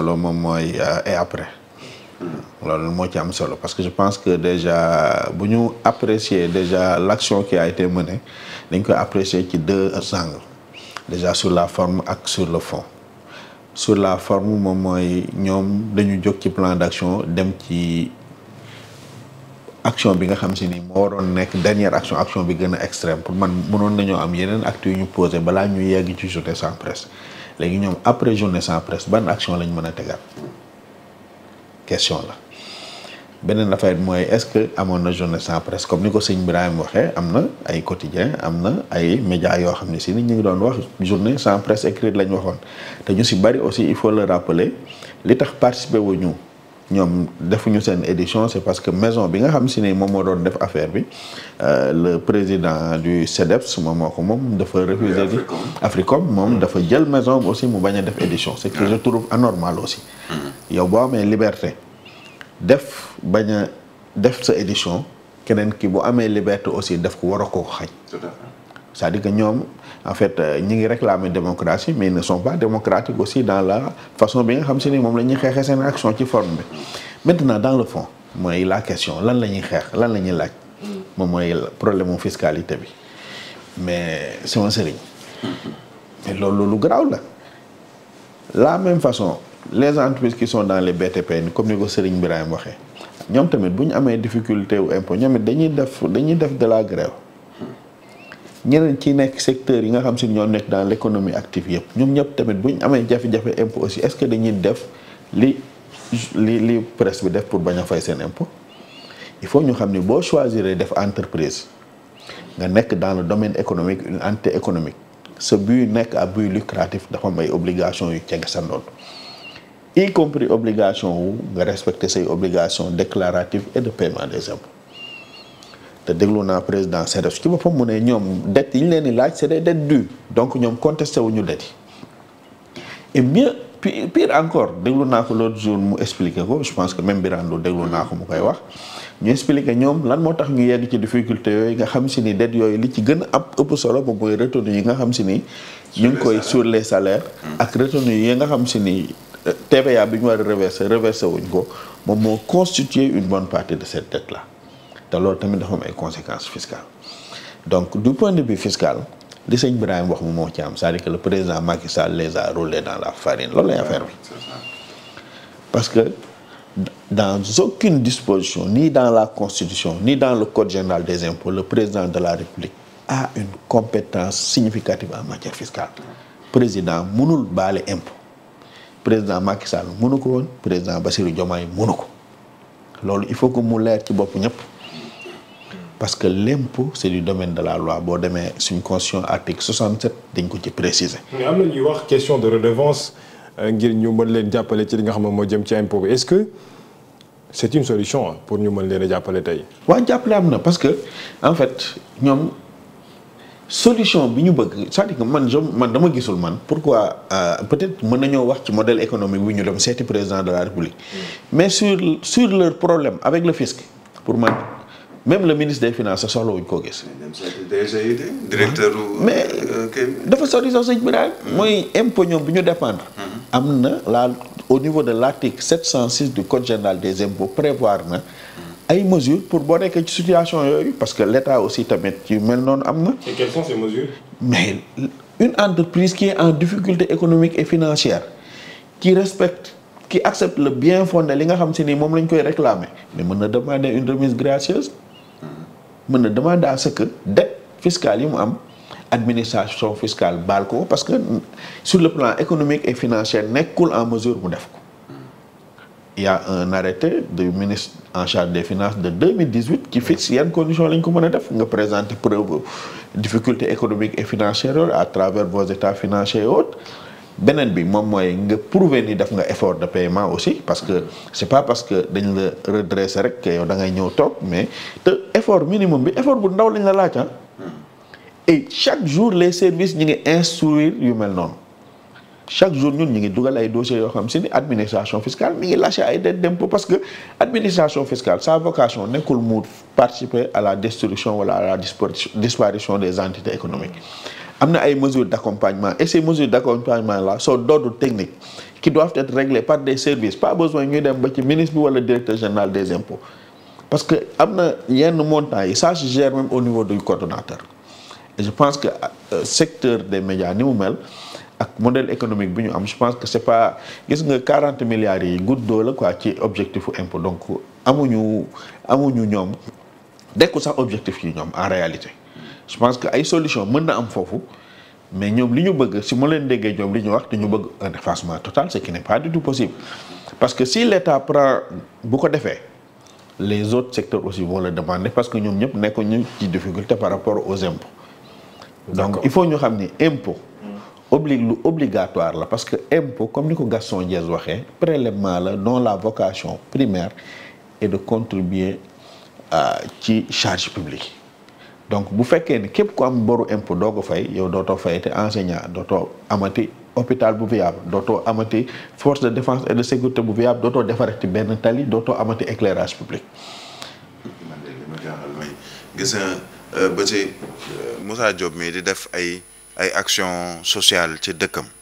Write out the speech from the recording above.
loolu moom mooy euh, et après loolu moo ci am solo parce que je pense que déjà bu ñu apprécier déjà l'action ki a été menée dañ koy apprécier ci deux angles déjà sur la forme ak sur le fond sur la forme moom mooy ñoom dañu jóg ci plan d'action dem ci action bi nga xam si ni moo waroon nekk dernière action action bi gën a extrême pour man mënoon nañoo am yeneen actes ñu posé balaa ñu yegg ci journée sans presse léegi ñoom après journée sans presse ban action lañ mën a tegaat question la beneen affaire mooy est-ce que amoon na journée sans presse comme ni ko siñ bi sëñ Birahim waxee am na ay quotidien am na ay médias yoo xam ne si nit ñu ngi doon wax journée sans presse écrite lañ waxoon te ñu si bari aussi il faut le rappeler li tax participer wu ñu ñoom defuñu seen édition c'est parce que maison bi nga xam si ne moom moo doon def affaire bi euh, le président du CEDEPS moom moo ko moom dafa refuser di Africom moom dafa jël maison aussi mu bañ a def édition ce que je ah. trouve anormal aussi mm-hmm. yow boo amee liberté def bañ a def sa édition keneen ki bu amee liberté aussi def ko war a koo xañ cest à que ñoom en fait euh, ñi ngi réclamer démocratie mais ils ne sont pas démocratiques aussi dans la façon bi nga xam si ni moom la ñuy xeexee seen action ci forme bi maintenant dans le fond mooy la question lan la ñuy xeex lan la ñuy laaj moom mooy problème mu fiscalité bi mais sama sëriñ loolu lu garaaw la la même façon les entreprises qui sont dans les BTP comme ni ko sëriñ Birahim waxee ñoom tamit bu ñu amee difficulté wu impôt ñoom it dañuy def dañuy def de la grève ñeneen ci nekk secteur yi nga xam si ñoo nekk dans l' économie active yëpp ñoom ñëpp tamit bu amee jafe-jafe impôt aussi est que dañuy def li li li presse bi def pour bañ fay seen impôt il faut ñu xam ni boo choisir def entreprise nga nekk dans le domaine économique une entité économique sa but nekk à but lucratif dafa am ay obligation yu ceg sa ndoon y compris obligation wu nga respecter say obligations déclaratives et de paiement des impôts te déglu naa président CEDEPS ci boppam mu ne ñoom dettes yi ñu leen di laaj c'est des du dues donc ñoom contesté ñu dettes yi et mieux pire encore déglu naa ko l'autre jour mu expliqué ko je pense que même Birando déglu naa ko mu koy wax ñu expliqué ñoom lan moo tax ñu yegg ci difficulté yooyu nga xam si ni dettes yooyu li ci gën a ab ëpp solo moom mooy retenue yi nga xam si ni ñu ngi koy sur les salaires hmm. ak retenue yi nga xam si ni euh, TVA bi ñu war a reverser wuñ ko moom moo constituer une bonne partie de cette dette là te loolu tamit dafa ay conséquences fiscales donc du point de vue fiscal li sëñ Birahim wax mu moo ci am c'est-à-dire que le président Macky Sall les a roulés dans la farine loolu lay affaire bi parce que dans aucune disposition ni dans la constitution ni dans le code général des impôts le président de la république a une compétence significative en matière fiscale président munul baale impôt président Macky Sall mënu ko woon président Bassirou Diomaye mënu ko loolu il faut que mu leer ci bopp ñëpp parce que l'impôt c'est du domaine de la loi boo demee suñ constitution article 67 dañ ko ci préciser. mais am na ñuy wax question de redevance euh, ngir ñu mën leen jàppale ci li nga xam ne moo jëm ci impôt bi est que c'est une solution pour ñu mën leen a jàppale tey. waaw jàppale am na que en fait ñoom solution bi ñu bëgg cest à man je man dama gisul man pourquoi euh, peut-être mën nañoo wax ci modèle économique bi ñu dem seeti président de la république mm. mais sur sur leur problème avec le fisc pour man. même le ministre des finance soxla wuñ ko gis. directeur. Euh, mais dafa sori sax sëñ Birahim. mooy impôt ñoom bi ñu dépendre. Hmm. am na laa au niveau de l' article 706 du code général deuxième impôts prévoir na. Hmm. ay mesures pour boo nekkee ci situation yooyu parce que l' aussi tamit yu mel noonu am na. et mais une entreprise qui est en difficulté économique et financière qui respecte. qui accepte le bien fondé li nga xam si ni moom lañ koy réclamer mais mën na demander une remise gracieuse mën na demander à ce que dette fiscale yi mu am administration fiscale baal ko parce que sur le plan économique et financière nekkul en mesure mu def ko il un arrêté du ministre en charge de finances de 2018 qui fixe yan conditions lañ ko mën a def nga présenter preuve difficulté économique et financière à travers vos états financiers et beneen bi moom mooy nga prouver ni def nga effort de paiement aussi parce que c'est pas parce que dañ la redresser rek que yow da ngay ñëw toog mais te effort minimum bi effort bu ndaw lañ la laaj ah. hmm. et chaque jour les services ñu ngi instruire yu mel noonu chaque jour ñun ñu ngi dugal ay dossiers yoo xam si ni administration fiscale mi ngi lâché ay dettes d'impôt parce que administration fiscale sa vocation nekkul mu participer à la destruction wala à la disparition des entités économiques am na ay mesures d'accompagnement et ces mesures d'accompagnement là sont d'ordre technique qui doivent être réglées par des services pas besoin ñuy dem ba ci ministre bi wala directeur général des impôts parce que am na yenn montants yi ça se gère au niveau du coordonnateur je pense que euh, secteur des médias ni mu mel ak modèle économique bi ñu am je pense que c'est pas gis nga quarante milliards yi guddoo la quoi ci objectifu impôt amuñu amuñu ñoom dekku sax objectif yi ñoom en réalité je pense que ay solution mën na am foofu mais ñoom li ñu bëgg si ma leen déggee ñoom li ñu wax ñu bëgg un effacement total ce qui n'est pas du tout possible parce que si l'État prend bu ko defee les autres secteurs aussi vont le demander parce que ñoom ñëpp nekkuñu ci difficulté par rapport aux impôts donc il faut ñu xam ni impôt mm. obli lu obligatoire la parce que impôt comme ni ko Gaston Diaz waxee prélèvement la dont la vocation primaire est de contribuer euh, ci charge publique donc bu fekkee ni képp ku am boru impôt doo ko fay yow dootoo fayati enseignant dootoo amati hôpital bu viable dootoo amati force de défense et de sécurité bu viable dootoo defarati benn tali dootoo amati éclairage public. man de gis nga euh, ba ci euh, Moussa mii di def ay ay action sociale ci dëkkam.